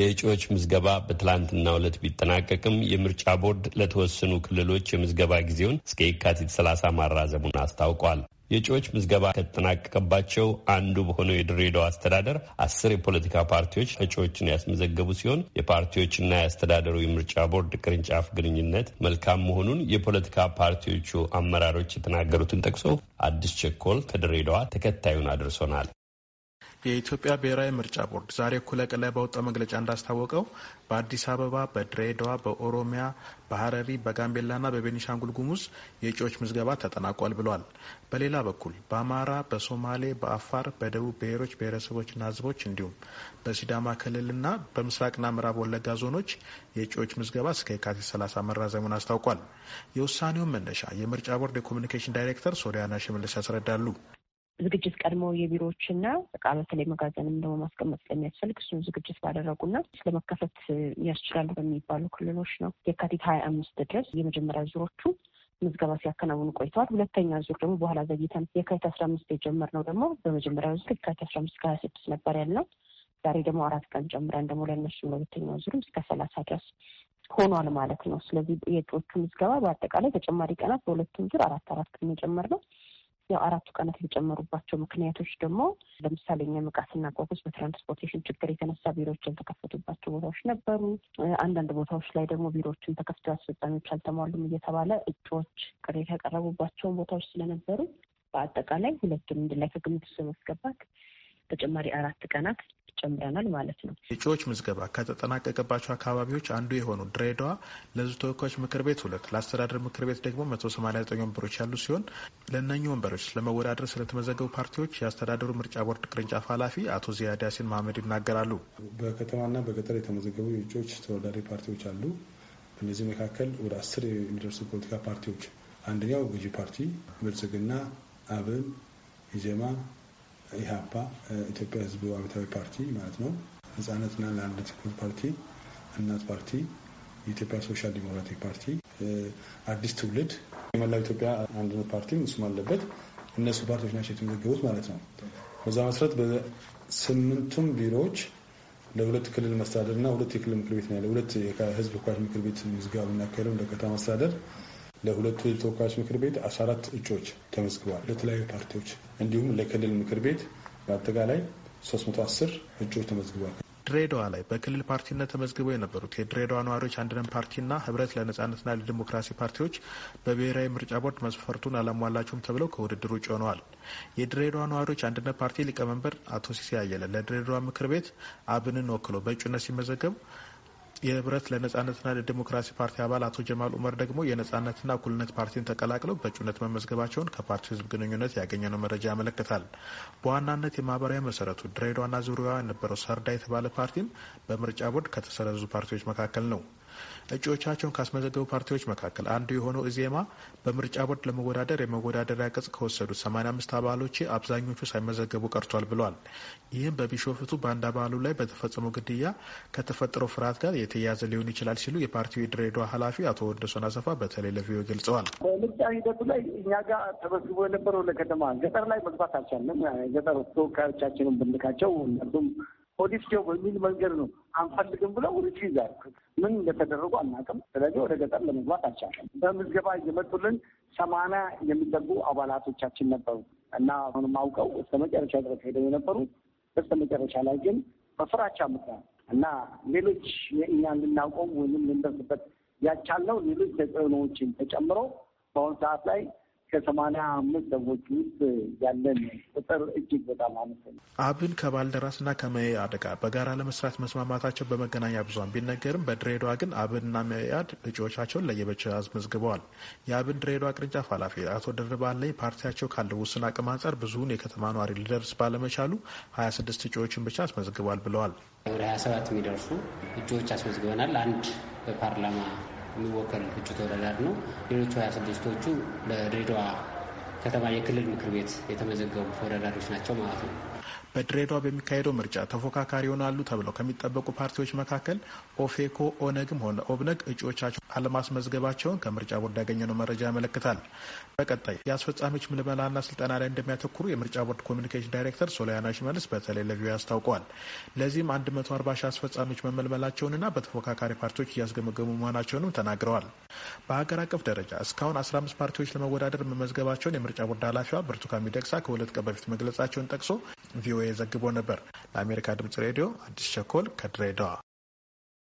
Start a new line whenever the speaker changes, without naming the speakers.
የእጩዎች ምዝገባ በትላንትናው ዕለት ቢጠናቀቅም የምርጫ ቦርድ ለተወሰኑ ክልሎች የምዝገባ ጊዜውን እስከ የካቲት 30 ማራዘሙን አስታውቋል። የእጩዎች ምዝገባ ከተጠናቀቀባቸው አንዱ በሆነው የድሬዳዋ አስተዳደር አስር የፖለቲካ ፓርቲዎች እጩዎችን ያስመዘገቡ ሲሆን የፓርቲዎችና የአስተዳደሩ የምርጫ ቦርድ ቅርንጫፍ ግንኙነት መልካም መሆኑን የፖለቲካ ፓርቲዎቹ አመራሮች የተናገሩትን ጠቅሶ አዲስ ቸኮል ከድሬዳዋ
ተከታዩን አድርሶናል።
የኢትዮጵያ ብሔራዊ ምርጫ ቦርድ ዛሬ እኩለ ቀን ላይ ባወጣው መግለጫ እንዳስታወቀው በአዲስ አበባ፣ በድሬዳዋ፣ በኦሮሚያ፣ በሀረሪ፣ በጋምቤላና በቤኒሻንጉል ጉሙዝ የእጩዎች ምዝገባ ተጠናቋል ብሏል። በሌላ በኩል በአማራ፣ በሶማሌ፣ በአፋር፣ በደቡብ ብሔሮች ብሔረሰቦችና ህዝቦች እንዲሁም በሲዳማ ክልልና በምስራቅና ምዕራብ ወለጋ ዞኖች የእጩዎች ምዝገባ እስከ የካቲት 30 መራዘሙን አስታውቋል። የውሳኔውን መነሻ የምርጫ ቦርድ የኮሚኒኬሽን ዳይሬክተር ሶሊያና ሽመልስ ያስረዳሉ።
ዝግጅት ቀድሞ የቢሮዎችና እቃ በተለይ መጋዘንም ደግሞ ማስቀመጥ ስለሚያስፈልግ እሱን ዝግጅት ባደረጉና ለመከፈት ያስችላሉ በሚባሉ ክልሎች ነው የካቲት ሀያ አምስት ድረስ የመጀመሪያ ዙሮቹ ምዝገባ ሲያከናውኑ ቆይተዋል። ሁለተኛ ዙር ደግሞ በኋላ ዘግይተን የካቲት አስራ አምስት የጀመርነው ደግሞ በመጀመሪያ ዙር የካቲት አስራ አምስት ከሀያ ስድስት ነበር ያልነው። ዛሬ ደግሞ አራት ቀን ጨምረን ደግሞ ለእነሱ ለሁለተኛው ዙርም እስከ ሰላሳ ድረስ ሆኗል ማለት ነው። ስለዚህ የእጩዎቹ ምዝገባ በአጠቃላይ ተጨማሪ ቀናት በሁለቱም ዙር አራት አራት ቀን የጨመርነው ያው አራቱ ቀናት የተጨመሩባቸው ምክንያቶች ደግሞ ለምሳሌ እኛ ምቃትና ቆቶች በትራንስፖርቴሽን ችግር የተነሳ ቢሮዎች ያልተከፈቱባቸው ቦታዎች ነበሩ። አንዳንድ ቦታዎች ላይ ደግሞ ቢሮዎችን ተከፍተው አስፈጻሚዎች አልተሟሉም እየተባለ እጩዎች ቅሬታ ያቀረቡባቸውን ቦታዎች ስለነበሩ በአጠቃላይ ሁለቱን አንድ ላይ ከግምት ውስጥ በማስገባት ተጨማሪ አራት ቀናት ጨምረናል ማለት ነው።
እጩዎች
ምዝገባ ከተጠናቀቀባቸው አካባቢዎች አንዱ የሆኑ ድሬዳዋ ለሕዝብ ተወካዮች ምክር ቤት ሁለት ለአስተዳደር ምክር ቤት ደግሞ መቶ ሰማኒያ ዘጠኝ ወንበሮች ያሉ ሲሆን ለእነኙ ወንበሮች ለመወዳደር ስለተመዘገቡ ፓርቲዎች የአስተዳደሩ ምርጫ ቦርድ ቅርንጫፍ ኃላፊ አቶ ዚያድ ያሲን መሀመድ ይናገራሉ። በከተማና
በገጠር የተመዘገቡ የእጩዎች ተወዳዳሪ ፓርቲዎች አሉ። እነዚህ መካከል ወደ አስር የሚደርሱ ፖለቲካ ፓርቲዎች አንደኛው ገዢ ፓርቲ ብልጽግና፣ አብን፣ ኢዜማ፣ ኢህአፓ ኢትዮጵያ ህዝብ አብዮታዊ ፓርቲ ማለት ነው። ህጻናትና ለአንድነት ትኩር ፓርቲ፣ እናት ፓርቲ፣ የኢትዮጵያ ሶሻል ዲሞክራቲክ ፓርቲ፣ አዲስ ትውልድ፣ የመላው ኢትዮጵያ አንድነት ፓርቲም እሱም አለበት። እነሱ ፓርቲዎች ናቸው የተመዘገቡት ማለት ነው። በዛ መሰረት በስምንቱም ቢሮዎች ለሁለት ክልል መስተዳደር እና ሁለት የክልል ምክር ቤት ነው ያለ ሁለት የህዝብ ተወካዮች ምክር ቤት ምዝገባ የምናካሄደው እንደ ከተማ አስተዳደር ለሁለቱ የተወካዮች ምክር ቤት 14 አራት እጩዎች ተመዝግበዋል። ለተለያዩ ፓርቲዎች እንዲሁም ለክልል ምክር ቤት በአጠቃላይ 310 እጩዎች ተመዝግበዋል።
ድሬዳዋ ላይ በክልል ፓርቲነት ተመዝግበው የነበሩት የድሬዳዋ ነዋሪዎች አንድነት ፓርቲና ህብረት ለነጻነትና ለዲሞክራሲ ፓርቲዎች በብሔራዊ ምርጫ ቦርድ መስፈርቱን አላሟላቸውም ተብለው ከውድድር ውጭ ሆነዋል። የድሬዳዋ ነዋሪዎች አንድነት ፓርቲ ሊቀመንበር አቶ ሲሴ አየለ ለድሬዳዋ ምክር ቤት አብንን ወክሎ በእጩነት ሲመዘገብ የህብረት ለነጻነትና ለዲሞክራሲ ፓርቲ አባል አቶ ጀማል ኡመር ደግሞ የነጻነትና እኩልነት ፓርቲን ተቀላቅለው በእጩነት መመዝገባቸውን ከፓርቲው ህዝብ ግንኙነት ያገኘነው መረጃ ያመለክታል። በዋናነት የማህበራዊ መሰረቱ ድሬዳዋና ዙሪያዋ የነበረው ሰርዳ የተባለ ፓርቲም በምርጫ ቦርድ ከተሰረዙ ፓርቲዎች መካከል ነው። እጩዎቻቸውን ካስመዘገቡ ፓርቲዎች መካከል አንዱ የሆነው ኢዜማ በምርጫ ቦርድ ለመወዳደር የመወዳደሪያ ቅጽ ከወሰዱት 85 አባሎች አብዛኞቹ ሳይመዘገቡ ቀርቷል ብሏል። ይህም በቢሾፍቱ በአንድ አባሉ ላይ በተፈጸመው ግድያ ከተፈጠረው ፍርሃት ጋር የተያያዘ ሊሆን ይችላል ሲሉ የፓርቲው የድሬዳዋ ኃላፊ አቶ ወንደሶን አሰፋ በተለይ ለቪዮ ገልጸዋል።
በምርጫ ሂደቱ ላይ እኛ ጋር ተመዝግቦ የነበረው ለከተማ ገጠር ላይ መግባት አልቻለም። ገጠር ተወካዮቻችንን ብንልካቸው እነሱም ፖሊስ ደው በሚል መንገድ ነው አንፈልግም ብለው ውርጭ ይዛል። ምን እንደተደረጉ አናውቅም። ስለዚህ ወደ ገጠር ለመግባት አልቻለም። በምዝገባ እየመጡልን ሰማንያ የሚጠጉ አባላቶቻችን ነበሩ እና አሁንም አውቀው እስከ መጨረሻ ድረስ ሄደው የነበሩ በስተ መጨረሻ ላይ ግን በፍራቻ ምክንያት እና ሌሎች እኛ እንድናውቀው ወይም ልንደርስበት ያቻልነው ሌሎች ተጽዕኖዎችን ተጨምሮ በአሁኑ ሰዓት ላይ ከሰማንያ አምስት ሰዎች ውስጥ ያለን ቁጥር እጅግ በጣም አነስተኛ።
አብን ከባልደራስና ከመያድ ጋር በጋራ ለመስራት መስማማታቸው በመገናኛ ብዙን ቢነገርም በድሬዳዋ ግን አብንና መያድ እጩዎቻቸውን ለየብቻ አስመዝግበዋል። የአብን ድሬዳዋ ቅርንጫፍ ኃላፊ አቶ ደርባ ላይ ፓርቲያቸው ካለው ውስን አቅም አንጻር ብዙውን የከተማ ነዋሪ ሊደርስ ባለመቻሉ ሀያ ስድስት እጩዎችን ብቻ አስመዝግቧል ብለዋል። ወደ ሀያ ሰባት የሚደርሱ እጩዎች አስመዝግበናል። አንድ በፓርላማ የሚወከል ግጭት ወረዳድ ነው። ሌሎቹ ሀያ ስድስቶቹ ለድሬዳዋ ከተማ የክልል ምክር ቤት የተመዘገቡ ወረዳዶች ናቸው ማለት ነው። በድሬዳዋ በሚካሄደው ምርጫ ተፎካካሪ ይሆናሉ ተብለው ከሚጠበቁ ፓርቲዎች መካከል ኦፌኮ፣ ኦነግም ሆነ ኦብነግ እጩዎቻቸው አለማስመዝገባቸውን ከምርጫ ቦርድ ያገኘነው መረጃ ያመለክታል። በቀጣይ የአስፈጻሚዎች ምልመላና ስልጠና ላይ እንደሚያተኩሩ የምርጫ ቦርድ ኮሚኒኬሽን ዳይሬክተር ሶሊያና ሽመልስ በተለይ ለቪኦኤ አስታውቀዋል። ለዚህም 140 ሺህ አስፈጻሚዎች መመልመላቸውንና በተፎካካሪ ፓርቲዎች እያስገመገሙ መሆናቸውንም ተናግረዋል። በሀገር አቀፍ ደረጃ እስካሁን 15 ፓርቲዎች ለመወዳደር መመዝገባቸውን የምርጫ ቦርድ ኃላፊዋ ብርቱካን ሚደቅሳ ከሁለት ቀን በፊት
መግለጻቸውን ጠቅሶ ቪኦኤ ዘግቦ ነበር። ለአሜሪካ ድምጽ ሬዲዮ አዲስ ቸኮል ከድሬዳዋ